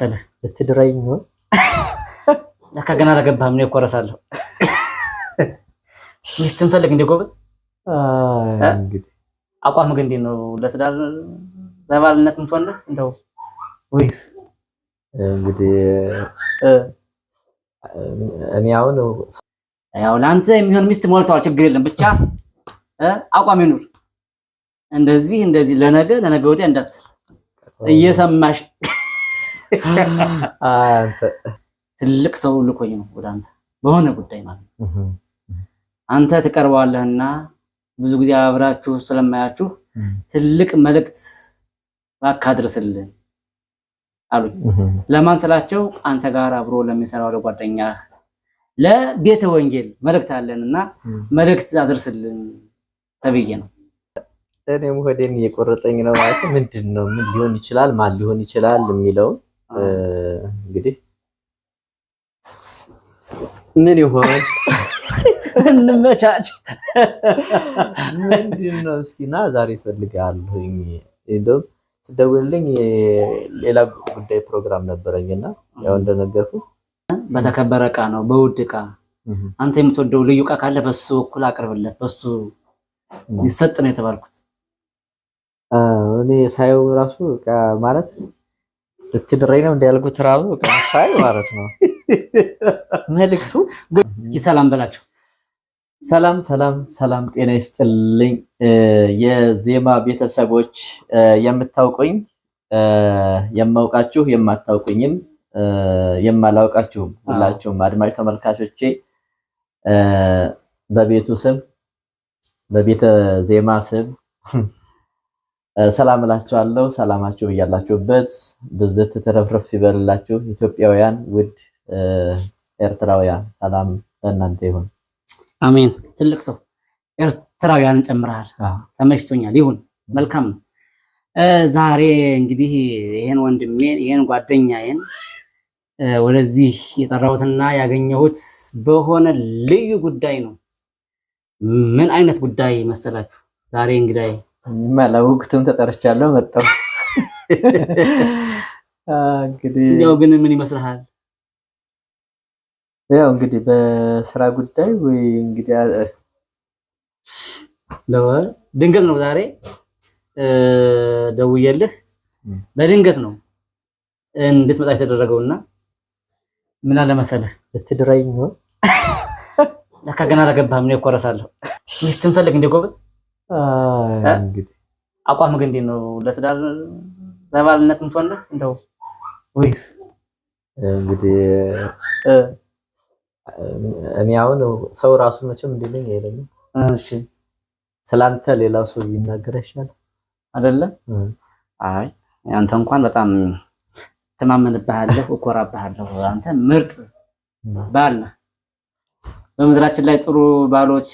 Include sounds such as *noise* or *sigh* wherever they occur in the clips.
መሰለህ ልትድራኝ ይሆን? ለካ ገና አላገባህም። እኔ እኮ እረሳለሁ። *laughs* ሚስትን ፈልግ እንደ ጎበዝ። አቋም ግን እንዴት ነው? ለትዳር ለባልነት የምትሆን እንደው ወይስ እንግዲህ እኔ አሁን ያው ለአንተ የሚሆን ሚስት ሞልተዋል። ችግር የለም ብቻ አቋም ይኑር። እንደዚህ እንደዚህ ለነገ ለነገ ወዲያ እንዳትል እየሰማሽ *laughs* ትልቅ ሰው ልኮኝ ነው ወደ አንተ በሆነ ጉዳይ ማለት ነው። አንተ ትቀርበዋለህና ብዙ ጊዜ አብራችሁ ስለማያችሁ ትልቅ መልእክት እባክህ አድርስልን አሉኝ። ለማን ስላቸው አንተ ጋር አብሮ ለሚሰራው ለጓደኛህ ለቤተ ወንጌል መልእክት አለንና መልእክት አድርስልን ተብዬ ነው። እኔ ሆዴን እየቆረጠኝ ነው ማለት ምንድን ነው ምን ሊሆን ይችላል ማን ሊሆን ይችላል የሚለውን እንግዲህ ምን ይሆን እንመቻች። ምንድን ነው እስኪ ና ዛሬ ይፈልጋል እንደውም ስደውልልኝ ሌላ ጉዳይ ፕሮግራም ነበረኝና ያው እንደነገርኩ በተከበረ እቃ ነው በውድ እቃ አንተ የምትወደው ልዩ እቃ ካለ በሱ በኩል አቅርብለት። በሱ ይሰጥ ነው የተባልኩት እኔ ሳየው ራሱ ማለት ልትድረኝ ነው እንዲያልጉት ራሱ ሳይ ማለት ነው መልክቱ። እስኪ ሰላም በላቸው። ሰላም ሰላም ሰላም፣ ጤና ይስጥልኝ የዜማ ቤተሰቦች፣ የምታውቁኝ የማውቃችሁ፣ የማታውቁኝም የማላውቃችሁም ሁላችሁም አድማጭ ተመልካቾቼ በቤቱ ስም በቤተ ዜማ ስም ሰላም እላችኋለሁ። ሰላማችሁ እያላችሁበት ብዝት ተረፍረፍ ይበልላችሁ። ኢትዮጵያውያን፣ ውድ ኤርትራውያን ሰላም ለእናንተ ይሁን። አሜን። ትልቅ ሰው ኤርትራውያንን ጨምረሃል። ተመችቶኛል። ይሁን፣ መልካም ነው። ዛሬ እንግዲህ ይሄን ወንድሜ ይሄን ጓደኛዬን ወደዚህ የጠራሁትና ያገኘሁት በሆነ ልዩ ጉዳይ ነው። ምን አይነት ጉዳይ መሰላችሁ? ዛሬ እንግዳይ ለወቅቱም ተጠርቻለሁ መጣሁ። እንግዲህ ያው ግን ምን ይመስልሃል? ያው እንግዲህ በስራ ጉዳይ ወይ እንግዲህ ድንገት ነው ዛሬ ደውዬልህ በድንገት ነው እንድትመጣ የተደረገውና ምን አለ መሰለህ ልትድራኝ ነው ለካ ገና አላገባህም። እኔ እኮ እረሳለሁ ሚስት እንፈልግ እንደ ጎበዝ አቋም ግን እንዴት ነው? ለትዳር ለባልነት ምትሆን እንደው ወይስ እንግዲህ እኔ አሁን ሰው ራሱ መቼም እንዲለኝ አይደለም። እሺ ስላንተ ሌላው ሰው ይናገር ይችላል አይደለ? አይ አንተ እንኳን በጣም ተማመንብሃለሁ፣ እኮራብሃለሁ። አንተ ምርጥ ባል ነህ። በምድራችን ላይ ጥሩ ባሎች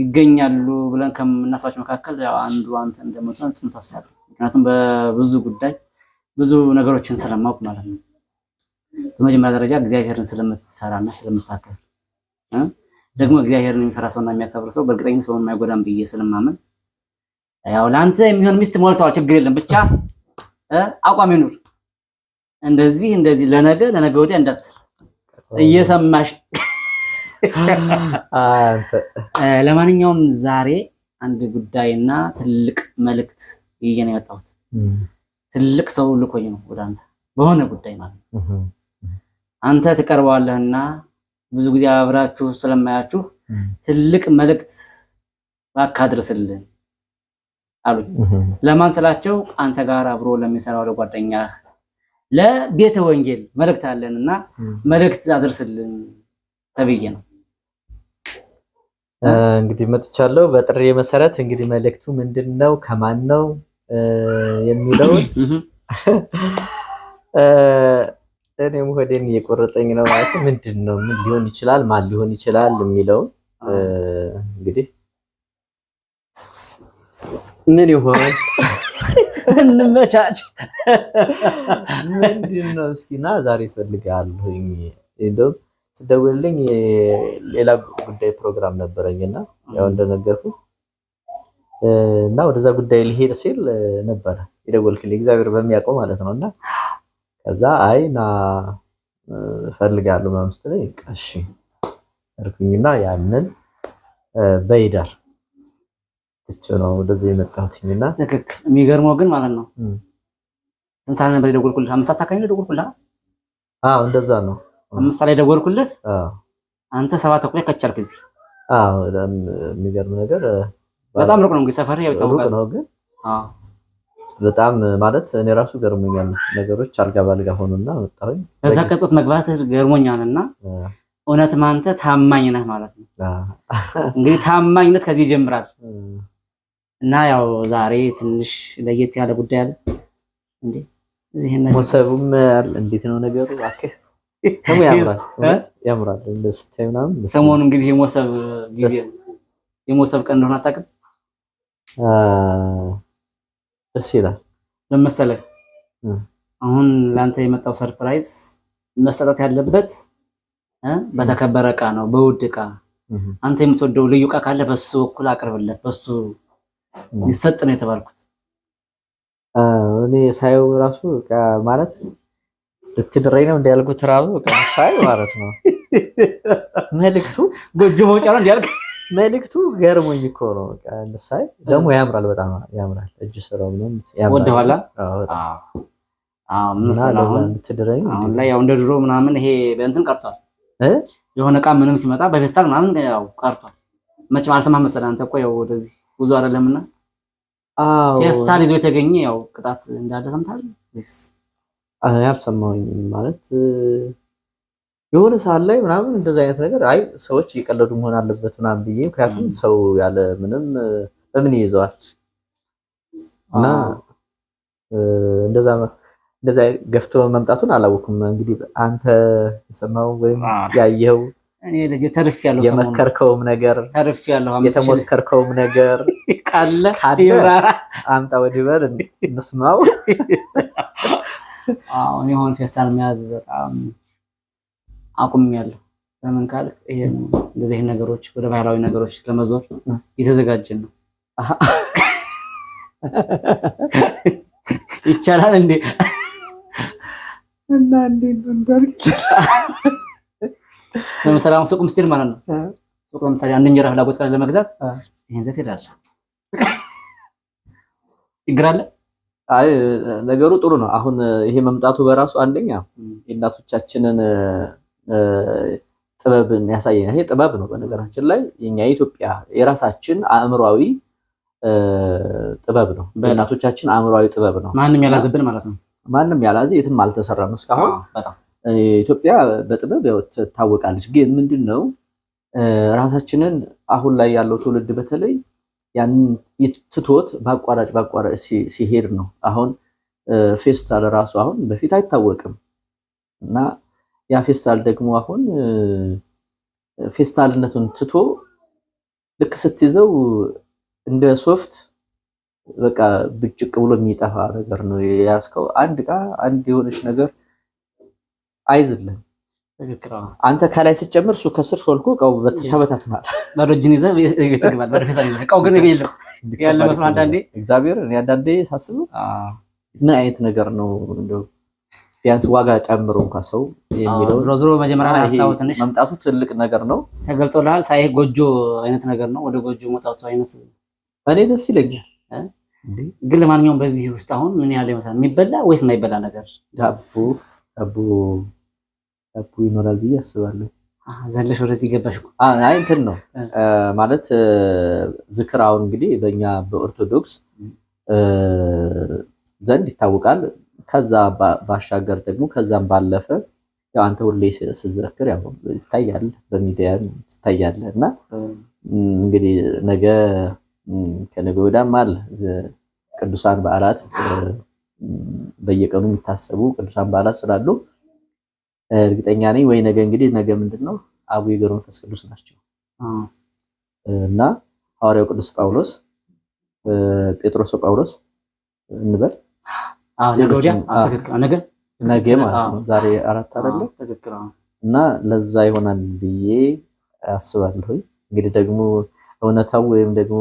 ይገኛሉ ብለን ከምናስባቸው መካከል አንዱ አንተ እንደመጣ ጽኑ ተስፋ ምክንያቱም በብዙ ጉዳይ ብዙ ነገሮችን ስለማውቅ ማለት ነው። በመጀመሪያ ደረጃ እግዚአብሔርን ስለምትፈራና ስለምታከብር ደግሞ እግዚአብሔርን የሚፈራ ሰውና የሚያከብር ሰው በእርግጠኝነት ሰውን የማይጎዳም ብዬ ስለማምን ያው ለአንተ የሚሆን ሚስት ሞልተዋል፣ ችግር የለም ብቻ አቋም ይኑር። እንደዚህ እንደዚህ ለነገ ለነገ ወዲያ እንዳትል እየሰማሽ *laughs* ለማንኛውም ዛሬ አንድ ጉዳይ እና ትልቅ መልእክት ይዤ ነው የመጣሁት። ትልቅ ሰው ልኮኝ ነው ወደ አንተ በሆነ ጉዳይ ማለት ነው። አንተ ትቀርበዋለህና ብዙ ጊዜ አብራችሁ ስለማያችሁ ትልቅ መልእክት እባክህ አድርስልን አሉኝ። ለማን ስላቸው አንተ ጋር አብሮ ለሚሰራው ለጓደኛህ ለቤተ ወንጌል መልእክት አለንና መልእክት አድርስልን ተብዬ ነው። እንግዲህ መጥቻለሁ። በጥሪ መሰረት እንግዲህ መልእክቱ ምንድን ነው? ከማን ነው የሚለውን እኔም ሆዴን እየቆረጠኝ ነው ማለት ምንድን ነው ምን ሊሆን ይችላል ማን ሊሆን ይችላል የሚለውን እንግዲህ ምን ይሆን እንመቻች ምንድን ነው እስኪና ዛሬ እፈልጋለሁ እንደው ስደውልልኝ ሌላ ጉዳይ ፕሮግራም ነበረኝ እና ያው እንደነገርኩ እና ወደዛ ጉዳይ ሊሄድ ሲል ነበረ የደወልክልኝ እግዚአብሔር በሚያውቀው ማለት ነው። እና ከዛ አይ ና እፈልጋለሁ ምናምን ስትለኝ እሺ እርኩኝና ያንን በይደር ትቼው ነው ወደዚህ የመጣሁት። እና ትክክል የሚገርመው ግን ማለት ነው ስንት ሰዓት ነበር የደወልኩልህ? አምስት ሰዓት አካባቢ ነው የደወልኩልህ። እንደዛ ነው አምስት ላይ ደወልኩልህ። አንተ ሰባት እኮ ከቻልክ እዚህ የሚገርም ነገር በጣም ሩቅ ነው እንግዲህ ሰፈር ሩቅ ነው ግን በጣም ማለት እኔ ራሱ ገርሞኛል። ነገሮች አልጋ ባልጋ ሆኑና መጣሁኝ። እዛ ከጾት መግባት ገርሞኛልና እውነትም ማንተ ታማኝ ነህ ማለት ነው። እንግዲህ ታማኝነት ከዚህ ይጀምራል እና ያው ዛሬ ትንሽ ለየት ያለ ጉዳይ አለ። እንዴ ይሄን ነው ሰቡም እንዴት ነው ነገሩ? *laughs* ሰሞኑ እንግዲህ የሞሰብ ጊዜ የሞሰብ ቀን እንደሆነ አታውቅም። ደስ ይላል። ለመሰለህ አሁን ለአንተ የመጣው ሰርፕራይዝ መሰጠት ያለበት በተከበረ እቃ ነው፣ በውድ እቃ። አንተ የምትወደው ልዩ እቃ ካለ በሱ በኩል አቅርብለት። በሱ ይሰጥ ነው የተባልኩት እኔ ሳየው ራሱ ማለት ልትድረኝ ነው እንዲያልኩት ራሱ ሳይ ማለት ነው መልክቱ ጎጆ መውጫ ነው እንዲያልክ መልክቱ ገርሞኝ እኮ ነው። ሳይ ደግሞ ያምራል፣ በጣም ያምራል። እጅ ስራው ወደኋላ ልትድረኝ ላይ ያው እንደ ድሮ ምናምን ይሄ በእንትን ቀርቷል። የሆነ እቃ ምንም ሲመጣ በፌስታል ምናምን ያው ቀርቷል። መቼም አልሰማህ መሰለህ አንተ እኮ ያው ወደዚህ ብዙ አይደለምና ፌስታል ይዞ የተገኘ ያው ቅጣት እንዳለ ሰምታለህ አልሰማሁኝም ማለት የሆነ ሰዓት ላይ ምናምን እንደዚህ አይነት ነገር አይ ሰዎች እየቀለዱ መሆን አለበት ምናምን ብዬ ምክንያቱም ሰው ያለ ምንም በምን ይይዘዋል እና እንደዛ እንደዛ ገፍቶ መምጣቱን አላወኩም። እንግዲህ አንተ የሰማው ወይም ያየኸው የመከርከውም ነገር የተሞከርከውም ነገር ቃለ *laughs* አምጣ ወዲህ በል እንስማው። *laughs* አሁን የሆን ፌስታል መያዝ በጣም አቁሜያለሁ። ለምን ካልክ እንደዚህ ነገሮች ወደ ባህላዊ ነገሮች ለመዞር እየተዘጋጀን ነው። *laughs* ይቻላል እንዴ? እና እንዴ እንዳልክ ለምሳሌ አሁን ሱቁም ስትሄድ ማለት ነው ሱቅ ለምሳሌ አንድ እንጀራ ፍላጎት ካለ ለመግዛት ይሄን ዘት ይላል ችግር አለ አይ ነገሩ ጥሩ ነው። አሁን ይሄ መምጣቱ በራሱ አንደኛ የእናቶቻችንን ጥበብን ያሳየና ይሄ ጥበብ ነው። በነገራችን ላይ የኛ የኢትዮጵያ የራሳችን አእምሯዊ ጥበብ ነው። በእናቶቻችን አእምሯዊ ጥበብ ነው። ማንም ያላዘብን ማለት ነው። ማንም ያላዘ የትም አልተሰራም እስካሁን። ኢትዮጵያ በጥበብ ያው ትታወቃለች። ግን ምንድን ነው ራሳችንን አሁን ላይ ያለው ትውልድ በተለይ ያንን ትቶት በአቋራጭ በአቋራጭ ሲሄድ ነው። አሁን ፌስታል ራሱ አሁን በፊት አይታወቅም እና ያ ፌስታል ደግሞ አሁን ፌስታልነቱን ትቶ ልክ ስትይዘው እንደ ሶፍት በቃ ብጭቅ ብሎ የሚጠፋ ነገር ነው የያዝከው። አንድ ዕቃ አንድ የሆነች ነገር አይዝልም። አንተ ከላይ ስትጨምር እሱ ከስር ሾልኮ እቃው ተበታትናል። በዶጅን ይዘ ቤት ትገባለህ። በደፈጣ ይዘህ እቃው ግን የለም ያለ መስሎ አንዳንዴ እግዚአብሔር እኔ አንዳንዴ ሳስበው ምን አይነት ነገር ነው እንደው ቢያንስ ዋጋ ጨምሮ እንኳ ሰው የሚለው ዞሮ ዞሮ መጀመሪያ ላይ ሀሳቡ ትንሽ መምጣቱ ትልቅ ነገር ነው። ተገልጦልሃል። ሳይ ጎጆ አይነት ነገር ነው። ወደ ጎጆ መጣቱ አይነት እኔ ደስ ይለኛል። ግን ለማንኛውም በዚህ ውስጥ አሁን ምን ያህል ይመስላል የሚበላ ወይስ የማይበላ ነገር ዳቦ ዳቦ ዳቦ ይኖራል ብዬ አስባለሁ። ዘለሽ ወደዚህ ገባሽ። አይ እንትን ነው ማለት ዝክር አሁን እንግዲህ በእኛ በኦርቶዶክስ ዘንድ ይታወቃል። ከዛ ባሻገር ደግሞ ከዛም ባለፈ አንተ ሁሌ ስዘክር ያው ይታያል፣ በሚዲያ ትታያለ እና እንግዲህ ነገ ከነገ ወዲያም አለ ቅዱሳን በዓላት በየቀኑ የሚታሰቡ ቅዱሳን በዓላት ስላሉ እርግጠኛ ነኝ ወይ ነገ እንግዲህ ነገ ምንድን ነው አቡ የገሩ መንፈስ ቅዱስ ናቸው እና ሐዋርያው ቅዱስ ጳውሎስ ጴጥሮስ ጳውሎስ እንበል ነገ ማለት ዛሬ አራት አይደለ? እና ለዛ ይሆናል ብዬ አስባለሁ። እንግዲህ ደግሞ እውነታው ወይም ደግሞ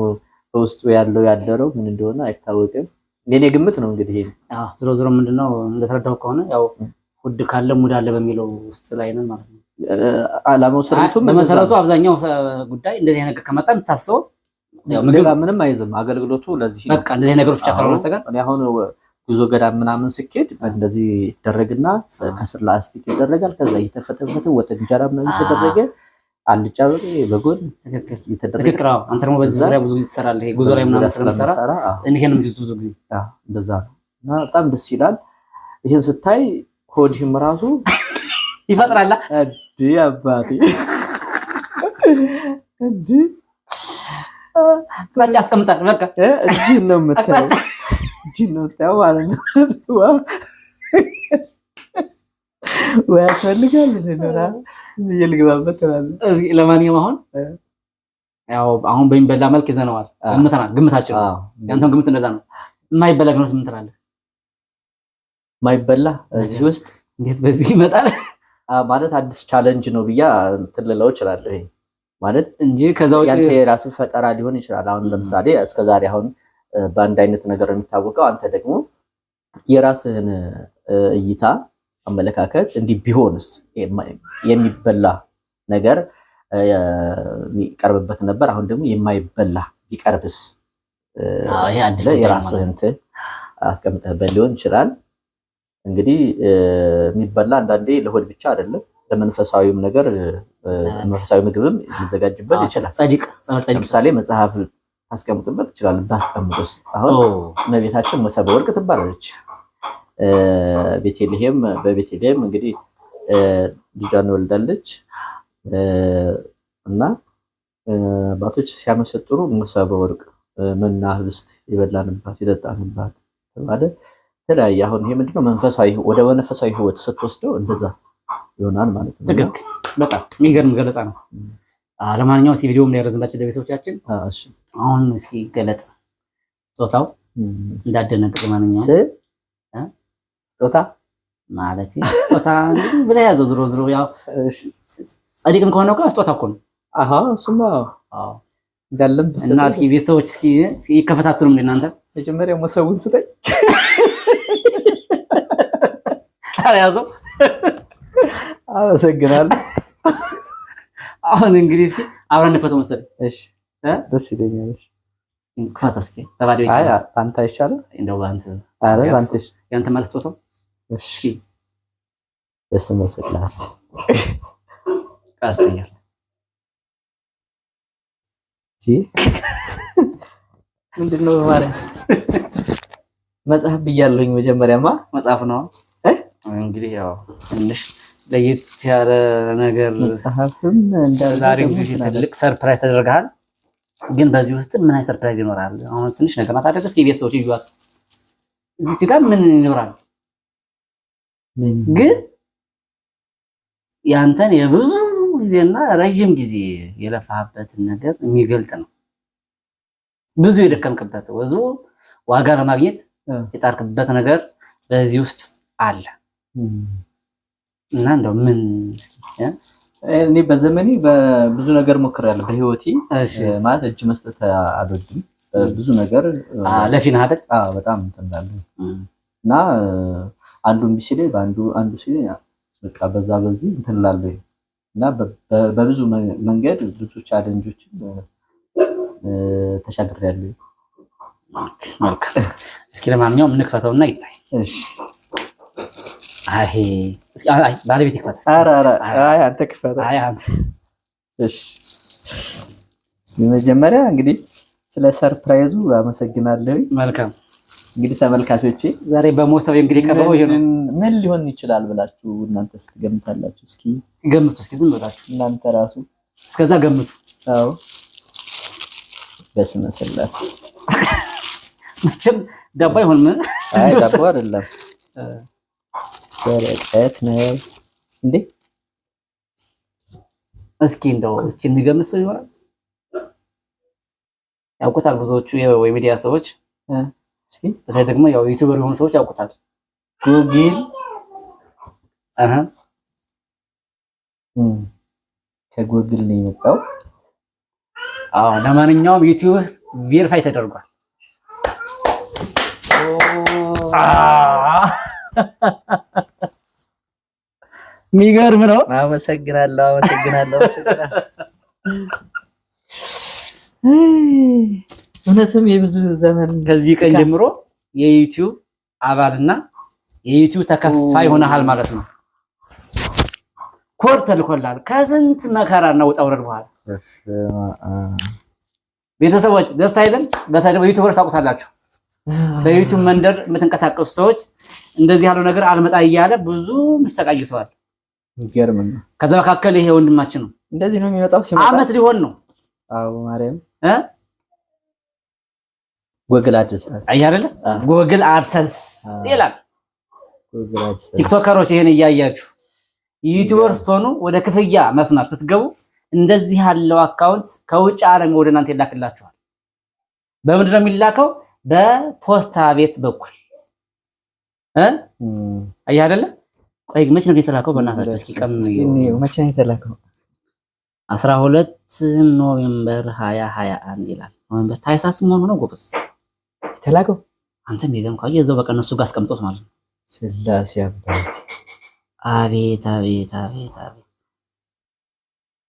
በውስጡ ያለው ያደረው ምን እንደሆነ አይታወቅም። የኔ ግምት ነው እንግዲህ ዝሮ ዝሮ ምንድነው እንደተረዳው ከሆነ ያው ውድ ካለ ሙድ አለ በሚለው ውስጥ ላይ ነን ማለት ነው። አላማው ስሪቱም በመሰረቱ አብዛኛው ጉዳይ እንደዚህ ነገር ከመጣ የምታስበው ሌላ ምንም አይዝም። አገልግሎቱ ለዚህ በቃ እንደዚህ ነገሮች ብቻ ካልሆነ ሰጋር እኔ አሁን ጉዞ ገዳም ምናምን ስኬድ እንደዚህ ይደረግና ከስር ላስቲክ ይደረጋል። ከዛ እየተፈተፈተ ወጥ እንጀራ ምናምን እየተደረገ አልጫ በሬ በጎን ይተደረገ። አንተ ደግሞ በዚህ ዙሪያ ብዙ ጊዜ ትሰራለህ፣ ጉዞ ላይ ምናምን ስለምሰራ እኔ ይሄንም ብዙ ጊዜ እንደዛ ነው እና በጣም ደስ ይላል። ይህን ስታይ ሆድሽም ራሱ ይፈጥራላ። እዲ አባቴ እዲ አቅጣጫ አስቀምጣል። በቃ እጅ ነው የምታየው፣ እጅ ነው የምታየው ማለት ነው። ወይ ያስፈልጋል እዚ። ለማንኛውም አሁን ያው አሁን በሚበላ መልክ ይዘነዋል፣ ግምተናል። ግምታችን ያንተም ግምት እንደዛ ነው። የማይበላ ቢሆንስ ምን ትላለህ? ማይበላ እዚህ ውስጥ እንዴት በዚህ ይመጣል ማለት አዲስ ቻለንጅ ነው ብያ ትልለው እችላለሁ። ማለት እንጂ ከዛው ያንተ የራስ ፈጠራ ሊሆን ይችላል። አሁን ለምሳሌ እስከዛሬ አሁን በአንድ አይነት ነገር የሚታወቀው አንተ ደግሞ የራስህን እይታ አመለካከት እንዲህ ቢሆንስ የሚበላ ነገር የሚቀርብበት ነበር። አሁን ደግሞ የማይበላ ቢቀርብስ የራስህን አስቀምጠህበት ሊሆን ይችላል። እንግዲህ የሚበላ አንዳንዴ ለሆድ ብቻ አይደለም ለመንፈሳዊም ነገር መንፈሳዊ ምግብም ሊዘጋጅበት ይችላል። ለምሳሌ መጽሐፍ ታስቀምጥበት ይችላል። ባስቀምጡስ አሁን እመቤታችን መሰበ ወርቅ ትባላለች። ቤቴልሄም በቤተልሔም እንግዲህ ልጇን ወልዳለች እና አባቶች ሲያመሰጥሩ መሰበ ወርቅ መና ህብስት የበላንባት የጠጣንባት ተባለ። የተለያየ አሁን ይሄ ምንድነው መንፈሳዊ ወደ መንፈሳዊ ህይወት ስትወስደው እንደዛ ይሆናል ማለት ነው። ትክክል። በጣም የሚገርም ገለጻ ነው። ለማንኛውም እስኪ ቪዲዮም ላይ ሊያረዝላችሁ ለቤተሰቦቻችን አሁን እስኪ ገለጽ ጾታው እንዳደነግጥ ማንኛውም ስጦታ ማለት ስጦታ ብለህ ያዘው። ዝሮ ዝሮ ያው ጸዲቅም ከሆነ እኮ ስጦታ እኮ ነው። አሃ እሱማ እንዳለም እና እስኪ ቤተሰቦች እስኪ ይከፈታትሉም እናንተ መጀመሪያ መሰውን ስጠኝ ያዘው። አመሰግናለሁ። አሁን እንግዲህ እስኪ አብረን እንፈተው መሰለኝ። እሺ፣ ደስ ይለኛል። ክፈተው እስኪ በባዶ አንተ አይቻልም። እንደው በአንተ ያንተ ማለት ደስ መስላል። ቀስ ምንድን ነው ማርያም መጽሐፍ ብያለሁኝ። መጀመሪያማ መጽሐፍ ነው። እንግዲህ ያው ትንሽ ለየት ያለ ነገር ዛሬ ትልቅ ሰርፕራይዝ ተደርገሃል። ግን በዚህ ውስጥ ምን አይነት ሰርፕራይዝ ይኖራል? አሁን ትንሽ ነገር ማታደግ የቤት ሰዎች ይዩት። እዚህ ጋር ምን ይኖራል? ግን ያንተን የብዙ ጊዜና ረዥም ጊዜ የለፋህበትን ነገር የሚገልጥ ነው። ብዙ የደከምክበት ብዙ ዋጋ ለማግኘት የጣርክበት ነገር በዚህ ውስጥ አለ። እና እንደው ምን እኔ በዘመኔ ብዙ ነገር ሞክሬያለሁ በህይወቴ ማለት እጅ መስጠት አልወድም። ብዙ ነገር ለፊን አይደል? በጣም እንትናለሁ እና አንዱ እምቢ ሲለኝ በአንዱ አንዱ ሲለኝ በቃ በዛ በዚህ እንትንላለ እና በብዙ መንገድ ብዙ ቻለንጆችን ተሻግሬያለሁ። መልካም። እስኪ ለማንኛውም እንክፈተውና ይታይ። እሺ አይ ባለቤት ይክፈት። መጀመሪያ እንግዲህ ስለ ሰርፕራይዙ አመሰግናለሁ። መልካም እንግዲህ ተመልካቾቼ ዛሬ በሞሰብ እንግዲህ ቀርበው ምን ሊሆን ይችላል ብላችሁ እናንተ ስትገምታላችሁ? እስኪ ገምቱ፣ እስኪ ዝም ብላችሁ እናንተ ራሱ እስከዛ ገምቱ። አዎ በስመ ስላሴ መቼም ዳቦ አይሆንም። አይ ዳቦ አይደለም ወረቀት ነው እንዴ? እስኪ እንደው እቺን የሚገምስ ሰው ይኖራል? ያውቁታል ብዙዎቹ የሚዲያ ሰዎች፣ በተለይ ደግሞ ያው ዩቲዩበር የሆኑ ሰዎች ያውቁታል። ጉግል አሃ ከጉግል ነው የመጣው። አዎ ለማንኛውም ዩቲዩብ ቬሪፋይ ተደርጓል። የሚገርም ነው። አመሰግናለሁ፣ አመሰግናለሁ። እውነትም የብዙ ዘመን ከዚህ ቀን ጀምሮ የዩቲዩብ አባልና የዩቲዩብ ተከፋይ ሆነሃል ማለት ነው። ኮድ ተልኮልሃል ከስንት መከራ እና ውጣ ውረድ በኋላ ቤተሰቦች ደስ አይልም። በተለይ ዩቲዩበር ታውቁታላችሁ። በዩቲዩብ መንደር የምትንቀሳቀሱ ሰዎች እንደዚህ ያለው ነገር አልመጣ እያለ ብዙ ምስተቃቂ ሰዋል። ከዛ መካከል ይሄ ወንድማችን ነው። እንደዚህ ነው የሚመጣው። ሲመጣ አመት ሊሆን ነው። አዎ ማርያም እ ጎግል አድሰንስ አይ አይደለ ጎግል አድሰንስ ይላል። ቲክቶከሮች ይሄን እያያችሁ ዩቲዩበር ስትሆኑ ወደ ክፍያ መስመር ስትገቡ እንደዚህ ያለው አካውንት ከውጭ ዓለም ወደ እናንተ ይላክላችኋል። በምንድን ነው የሚላከው? በፖስታ ቤት በኩል አየህ አይደለ? ቆይ መች ነው የተላከው? በእናታችሁ እስኪ ቀን መች ነው የተላከው? አስራ ሁለት ኖቬምበር ሀያ ሀያ አንድ ይላል። ኖቬምበር ታህሳስ መሆኑ ነው ጎበዝ የተላከው። አንተም የገም ካየ በቃ እነሱ ጋር አስቀምጦት ማለት ነው። ስላሴ አባት አቤት አቤት አቤት አቤት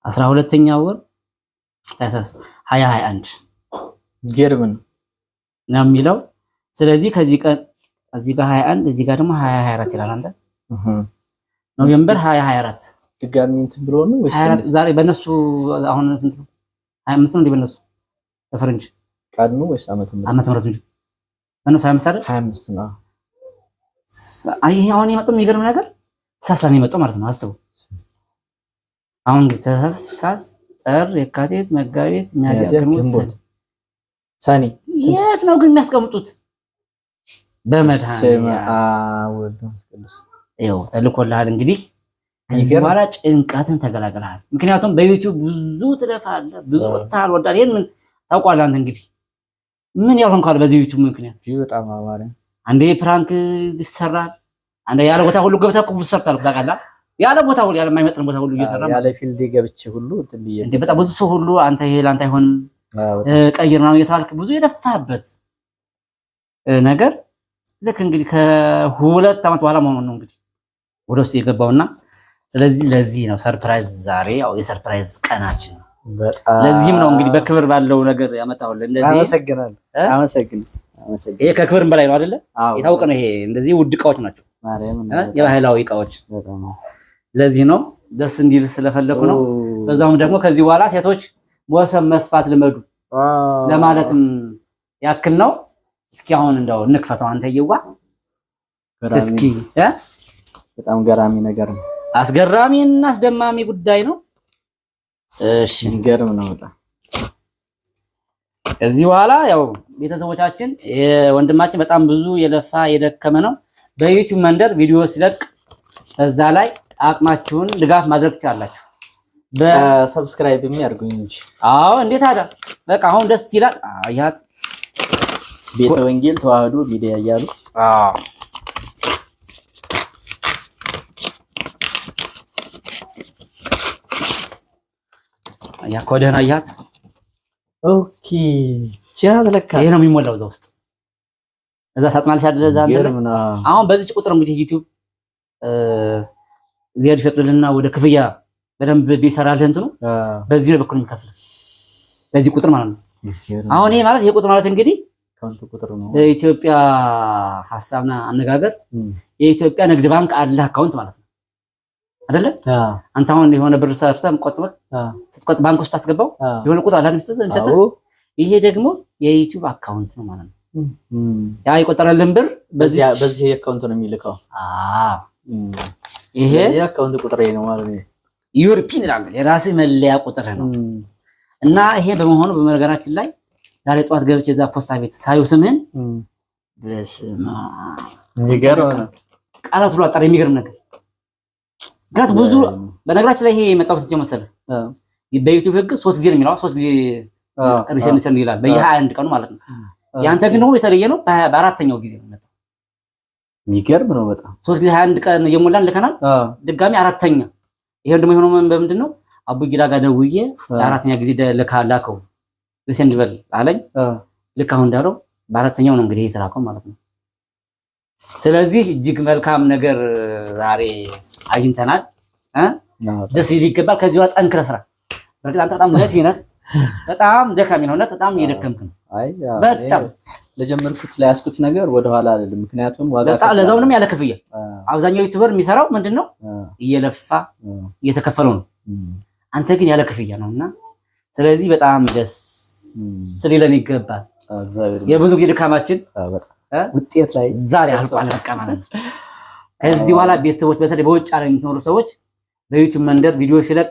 አስራ ሁለተኛ ወር ታህሳስ ሀያ ሀያ አንድ ጌርብ ነው የሚለው ስለዚህ ከዚህ ቀን እዚህ ጋር 21 እዚህ ጋር ደግሞ 20 24 ይላል። አንተ ኖቬምበር 20 24 ድጋሚ እንትን ብሎ ነው ወይስ 24 ዛሬ በነሱ አሁን ስንት ነው? 25 ነው እንዴ? በነሱ በፈረንጅ ቀን ነው ወይስ አመት ነው? አመት ምህረት እንጂ በነሱ 25 አይደል? 25 ነው። አይ አሁን የመጣው የሚገርም ነገር ሳሳ ነው የመጣው ማለት ነው። አስቡ አሁን እንግዲህ ተሳሳስ፣ ጥር፣ የካቲት፣ መጋቢት፣ ሚያዝያ፣ ግንቦት፣ ሰኔ የት ነው ግን የሚያስቀምጡት? ተልኮልሃል እንግዲህ ከዚህ በኋላ ጭንቀትን ተገላገልሃል። ምክንያቱም በዩቲዩብ ብዙ ትለፍ አለ ብዙ ወጥተሃል ወዳል ይህንን ታውቋለህ አንተ እንግዲህ ምን ያልሆንክ አለ በዚህ ዩቲዩብ ምክንያት አንዴ ፕራንክ ይሰራል አንዴ ያለ ቦታ ሁሉ ገብተህ እኮ ብዙ ሰርታል ታውቃለህ። ያለ ቦታ ሁሉ ያለ የማይመጥን ቦታ ሁሉ እየሰራ ያለ ፊልድ ገብቼ ሁሉ እንደ በጣም ብዙ ሰው ሁሉ አንተ ይሄ ለአንተ አይሆንም ቀይር ምናምን እየተባልክ ብዙ የለፋበት ነገር ልክ እንግዲህ ከሁለት ዓመት በኋላ መሆኑ ነው እንግዲህ ወደ ውስጥ የገባውና ስለዚህ ለዚህ ነው ሰርፕራይዝ ዛሬ ያው የሰርፕራይዝ ቀናችን ነው። ለዚህም ነው እንግዲህ በክብር ባለው ነገር ያመጣሁልህ። እንደዚህ አመሰግናለሁ። አመሰግናለሁ። ይሄ ከክብርም በላይ ነው አይደለ? የታወቀ ነው። ይሄ እንደዚህ ውድ እቃዎች ናቸው፣ የባህላዊ እቃዎች። ለዚህ ነው ደስ እንዲል ስለፈለኩ ነው። በዛውም ደግሞ ከዚህ በኋላ ሴቶች ወሰብ መስፋት ልመዱ ለማለትም ያክል ነው። እስኪ አሁን እንደው እንክፈተው አንተ ይዋ እስኪ በጣም ገራሚ ነገር ነው። አስገራሚ እና አስደማሚ ጉዳይ ነው። እሺ ገርም ነው በጣም ከዚህ በኋላ ያው ቤተሰቦቻችን ወንድማችን በጣም ብዙ የለፋ የደከመ ነው። በዩቲዩብ መንደር ቪዲዮ ሲለቅ እዛ ላይ አቅማችሁን ድጋፍ ማድረግ ትችላላችሁ። በሰብስክራይብ የሚያርጉኝ እንጂ አዎ እንዴት አዳ በቃ አሁን ደስ ይላል አያት ቤተ ወንጌል ተዋህዶ ሚዲያ እያሉ ያኮደና አያት ኦኬ ይሄ ነው የሚሞላው እዛ ውስጥ እዛ ሳጥናልሽ አይደለ እዛ አንተ አሁን በዚች ቁጥር እንግዲህ ዩቲዩብ እግዚአብሔር ይፈቅድልና ወደ ክፍያ በደንብ ቢሰራልህ እንትኑ በዚህ ነው በኩል የሚከፍልህ በዚህ ቁጥር ማለት ነው። አሁን ይሄ ማለት ይሄ ቁጥር ማለት እንግዲህ ቁጥር ነው። በኢትዮጵያ ሀሳብና አነጋገር የኢትዮጵያ ንግድ ባንክ አለ አካውንት ማለት ነው አይደለ? አንተ አሁን የሆነ ብር ሰርተህ ቆጥበህ ስትቆጥ ባንክ ውስጥ አስገባው የሆነ ቁጥር አለ የሚሰጥህ። ይሄ ደግሞ የዩቲዩብ አካውንት ነው ማለት ነው። ያ የቆጠረልን ብር በዚህ በዚህ አካውንት ነው የሚልከው። አዎ ይሄ አካውንት ቁጥር ነው ማለት ነው። ዩሮፒን ይላል የራስህ መለያ ቁጥር ነው እና ይሄ በመሆኑ በመነገራችን ላይ ዛሬ ጠዋት ገብቼ እዛ ፖስታ ቤት ሳዩ ስምህን ቃላት ብሎ አጣራ። የሚገርም ነገር ምክንያቱ ብዙ በነገራችን ላይ ይሄ የመጣው ስንት መሰለ በዩቲዩብ ህግ ሶስት ጊዜ ነው የሚለው። ሶስት ጊዜ ሪሰን ይላል በየሀያ አንድ ቀኑ ማለት ነው። ያንተ ግን ደግሞ የተለየ ነው። በአራተኛው ጊዜ ነው የሚገርም ነው በጣም ሶስት ጊዜ ሀያ አንድ ቀን እየሞላን ልከናል። ድጋሚ አራተኛ። ይሄ ደግሞ የሆነው በምንድን ነው? አቡ ጊዳ ጋር ደውዬ ለአራተኛ ጊዜ ላከው ልስን እንድበል አለኝ። ልክ አሁን እንዳለው በአራተኛው ነው እንግዲህ የተላከው ማለት ነው። ስለዚህ እጅግ መልካም ነገር ዛሬ አግኝተናል። ደስ ይል ይገባል። ከዚህ ጠንክረ ስራ በርግጥ አንተ በጣም ለት ነህ፣ በጣም ደካሚ ነው፣ በጣም እየደከምክ ነው። በጣም ለጀመርኩት ለያዝኩት ነገር ወደኋላ አለ። ምክንያቱም ለዛውንም ያለ ክፍያ አብዛኛው ዩቲዩበር የሚሰራው ምንድን ነው እየለፋ እየተከፈለው ነው። አንተ ግን ያለ ክፍያ ነው እና ስለዚህ በጣም ደስ ስሊለን ይገባል። የብዙ ጊዜ ድካማችን ውጤት ላይ ዛሬ አልቋል። በቃ ማለት ነው። ከዚህ በኋላ ቤተሰቦች፣ በተለይ በውጭ ዓለም የምትኖሩ ሰዎች በዩቱብ መንደር ቪዲዮ ሲለቅ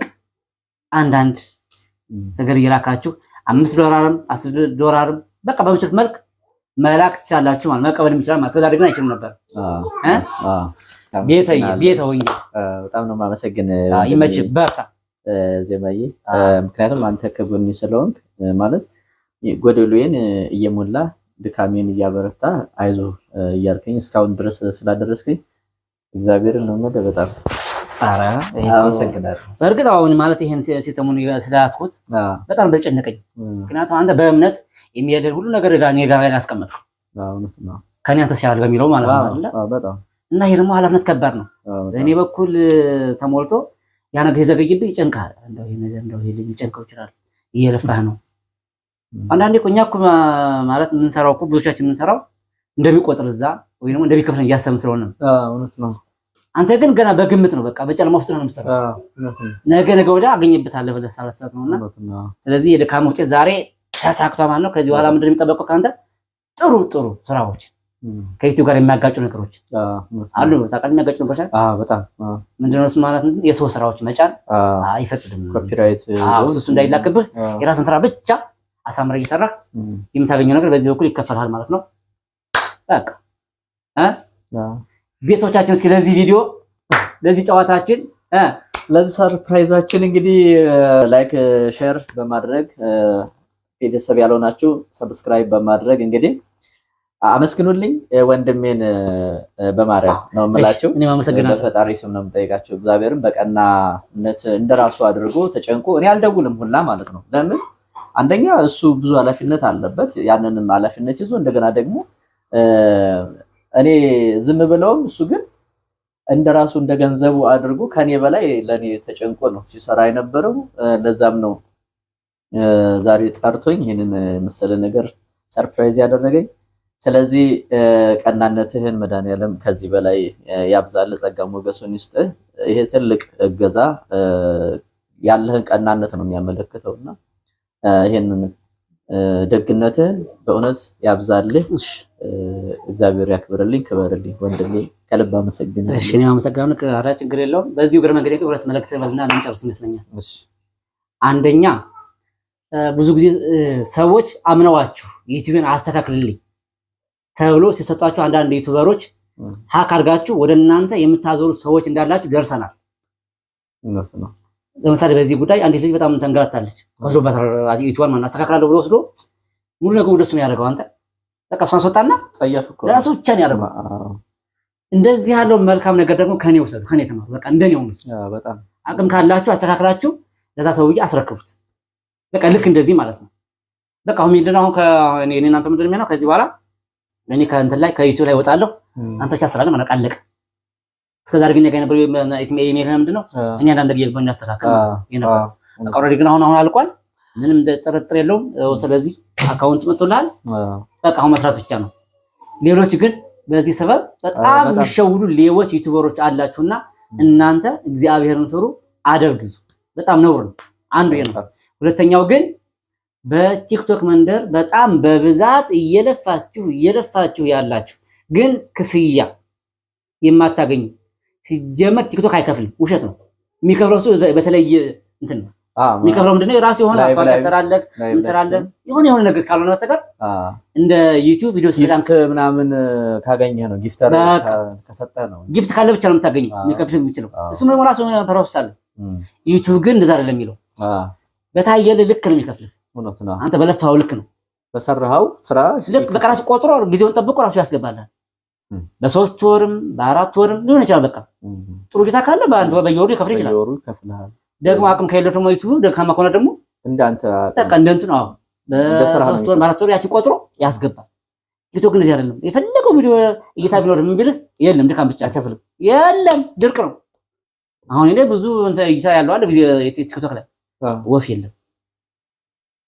አንዳንድ ነገር እየላካችሁ አምስት ዶላርም አስር ዶላርም በቃ በምችት መልክ መላክ ትችላላችሁ። ማለት መቀበል ይችላል ማለት ስለዛ ግን አይችሉም ነበር። ቤተ ቤተ ወንጌል በጣም ነው ማመሰግን ይመችህ፣ በርታ ዜማዬ፣ ምክንያቱም አንተ ከጎን ስለሆንክ ማለት ጎደሉዬን እየሞላ ድካሜን እያበረታ አይዞ እያልከኝ እስካሁን ድረስ ስላደረስከኝ እግዚአብሔርን ነው የምልህ። በጣም በእርግጥ አሁን ማለት ይህን ሲስተሙን ስለያዝኩት በጣም በጨነቀኝ፣ ምክንያቱም አንተ በእምነት የሚሄድን ሁሉ ነገር እኔ ጋር ያስቀመጥከው ከኔ አንተ ሲያል በሚለው ማለት ነው እና ይሄ ደግሞ ኃላፊነት ከባድ ነው። በእኔ በኩል ተሞልቶ ያ ነገር የዘገይብህ ይጨንቃል። እንደው ይሄ ነገር እንደው ይሄ ሊጨንቀው ይችላል። እየለፋህ ነው። አንዳንዴ እኮ እኛ እኮ ማለት የምንሰራው እኮ ብዙዎቻችን የምንሰራው እንደሚቆጥር እዛ ወይ ደግሞ እንደሚከፍለን እያሰብን ስለሆነ ነው። አንተ ግን ገና በግምት ነው። በቃ በጨለማ ውስጥ ነው የምትሰራው። ነገ ነገ ወዲያ አገኝበታለሁ ብለህ ሳላሰብህ ነውና፣ ስለዚህ የድካም ውጤት ዛሬ ተሳክቷ ማለት ነው። ከዚህ በኋላ ምንድን የሚጠበቀው ከአንተ ጥሩ ጥሩ ስራዎች ከኢትዮ ጋር የሚያጋጩ ነገሮች አሉ። ታውቃለህ፣ የሚያጋጩ ነገሮች በጣም ምንድነው? እሱ ማለት የሰው ስራዎች መጫን አይፈቅድም። ኮፒራይት እሱ እንዳይላክብህ የራስን ስራ ብቻ አሳምረህ እየሰራ የምታገኘው ነገር በዚህ በኩል ይከፈልሃል ማለት ነው። ቤተሰቦቻችን፣ እስኪ ለዚህ ቪዲዮ ለዚህ ጨዋታችን ለዚህ ሰርፕራይዛችን እንግዲህ ላይክ ሼር በማድረግ ቤተሰብ ያልሆናችሁ ሰብስክራይብ በማድረግ እንግዲህ አመስግኑልኝ ወንድሜን በማርያም ነው የምላቸው። በፈጣሪ ስም ነው የምጠይቃቸው። እግዚአብሔርም በቀናነት እንደራሱ አድርጎ ተጨንቆ እኔ አልደውልም ሁላ ማለት ነው። ለምን አንደኛ እሱ ብዙ ኃላፊነት አለበት። ያንንም ኃላፊነት ይዞ እንደገና ደግሞ እኔ ዝም ብለውም እሱ ግን እንደራሱ እንደ ገንዘቡ አድርጎ ከኔ በላይ ለኔ ተጨንቆ ነው ሲሰራ የነበረው። ለዛም ነው ዛሬ ጠርቶኝ ይህንን መሰለ ነገር ሰርፕራይዝ ያደረገኝ። ስለዚህ ቀናነትህን መድኃኒዓለም ከዚህ በላይ ያብዛል፣ ጸጋ ሞገሱን ይስጥህ። ይሄ ትልቅ እገዛ ያለህን ቀናነት ነው የሚያመለክተው እና ይሄንን ደግነትህን በእውነት ያብዛልህ። እግዚአብሔር ያክብርልኝ፣ ክበርልኝ ወንድሜ፣ ከልብ አመሰግናለሁ። እኔ አመሰግናለሁ። ኧረ ችግር የለውም። በዚሁ እግረ መንገድ ሁለት መልዕክት በልና ልንጨርስ ይመስለኛል። አንደኛ ብዙ ጊዜ ሰዎች አምነዋችሁ ዩቲዩብን አስተካክልልኝ ተብሎ ሲሰጣቸው አንዳንድ ዩቱበሮች ሀክ አድርጋችሁ ወደ እናንተ የምታዞሩ ሰዎች እንዳላችሁ ደርሰናል። ለምሳሌ በዚህ ጉዳይ አንዲት ልጅ በጣም ተንገላታለች። ወስዶባት ዩቱበር ማን አስተካክላለሁ ብሎ ወስዶ ሙሉ ነገር ወደሱ ነው ያደርገው። አንተ በቃ እሷን አስወጣና ለራሱ ብቻ ነው ያደርገው። እንደዚህ ያለው መልካም ነገር ደግሞ ከኔ ውሰዱ፣ ከኔ ተማሩ። በቃ እንደኔ ሆኑ። አቅም ካላችሁ አስተካክላችሁ ለዛ ሰውዬ አስረክቡት። በቃ ልክ እንደዚህ ማለት ነው። በቃ አሁን ምንድን ነው አሁን ከእኔ እናንተ ምንድን ነው ከዚህ በኋላ እኔ ከእንትን ላይ ከዩቲዩብ ላይ ወጣለሁ፣ አንተ ብቻ ስራ ማለት አለቀ። እስከ ዛሬ ግን የነበረው ኢሜል ምንድን ነው? እኔ አንዳንድ ጊዜ እናስተካከል ነበር። ቀረዲ ግን አሁን አሁን አልቋል። ምንም ጥርጥር የለውም። ስለዚህ አካውንት መጥቶልሃል። በቃ አሁን መስራት ብቻ ነው። ሌሎች ግን በዚህ ሰበብ በጣም የሚሸውዱ ሌቦች ዩቲዩበሮች አላችሁና እናንተ እግዚአብሔርን ፍሩ፣ አደርግዙ በጣም ነውር ነው። አንዱ ይሄ ነው። ሁለተኛው ግን በቲክቶክ መንደር በጣም በብዛት እየለፋችሁ እየለፋችሁ ያላችሁ ግን ክፍያ የማታገኙ ሲጀመር ቲክቶክ አይከፍልም። ውሸት ነው። የሚከፍለው እሱ በተለየ እንትን ነው የሚከፍለው። ምንድነው የራሱ የሆነ አስፋቂያ ሰራለክ ምንሰራለክ የሆነ የሆነ ነገር ካልሆነ በስተቀር እንደ ዩቲዩብ ቪዲዮ ስላም ምናምን ካገኘ ነው ጊፍተር ከሰጠ ነው ጊፍት ካለ ብቻ ነው የምታገኘው የሚከፍል የሚችለው እሱ ነው ራሱ የሆነ ፕሮሰስ አለ። ዩቲዩብ ግን እንደዛ አይደለም የሚለው በታየል ልክ ነው የሚከፍልህ አንተ በለፋው ልክ ነው በሰራው ስራ ልክ በቃ ራሱ ቆጥሮ ጊዜውን ጠብቆ ራሱ ያስገባልሃል። በሶስት ወርም በአራት ወርም ሊሆን ይችላል። በቃ ጥሩ ጌታ ካለ በአንድ ወር በየወሩ ይከፍል ይችላል። ደግሞ አቅም ከሌለ ደግሞ ይቱ ደካማ ከሆነ ደግሞ እንዳንተ በቃ እንደንቱ ነው። በሶስት ወር በአራት ወር ያቺ ቆጥሮ ያስገባል። ዩቱብ ግን እዚህ አይደለም። የፈለገው ቪዲዮ እይታ ቢኖር ምን ቢልህ የለም፣ ድካም ብቻ አይከፍልም። የለም ድርቅ ነው። አሁን እኔ ብዙ እይታ ያለው አለ ቲክቶክ ላይ ወፍ የለም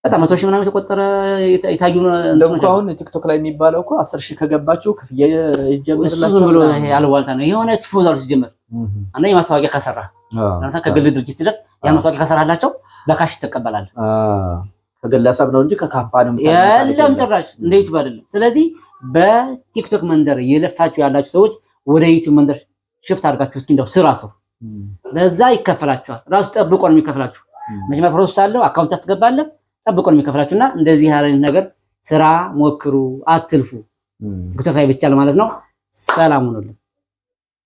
በጣም መቶ ሺህ ምናምን የተቆጠረ የታዩ አሁን ቲክቶክ ላይ የሚባለው እኮ አስር ሺህ ከገባችሁ ክፍያ ብሎ ያልዋልታ ነው የሆነ ትፎዛሉ ሲጀምር እና የማስታወቂያ ከሰራ ለምሳሌ ከግል ድርጅት ሲደር ያ ማስታወቂያ ከሰራላቸው በካሽ ትቀበላለህ። ከግለሰብ ነው እንጂ ከካምፓኒ የለም ጭራሽ እንደ ዩቱብ አይደለም። ስለዚህ በቲክቶክ መንደር የለፋችሁ ያላችሁ ሰዎች ወደ ዩቱብ መንደር ሽፍት አድርጋችሁ እስኪ እንደው ስራ ስሩ። በዛ ይከፈላችኋል። ራሱ ጠብቆ ነው የሚከፍላችሁ። መጀመሪያ ፕሮሰስ አለው። አካውንት ታስገባለህ ጠብቆ ነው የሚከፍላችሁ። እና እንደዚህ ያለ ነገር ስራ ሞክሩ፣ አትልፉ። ቲክቶክ ላይ ብቻ ለማለት ነው። ሰላም ሁኑልን።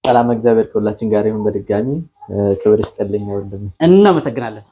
ሰላም እግዚአብሔር ከሁላችን ጋር ይሁን። በድጋሚ ክብር ይስጥልኝ ወንድም፣ እናመሰግናለን።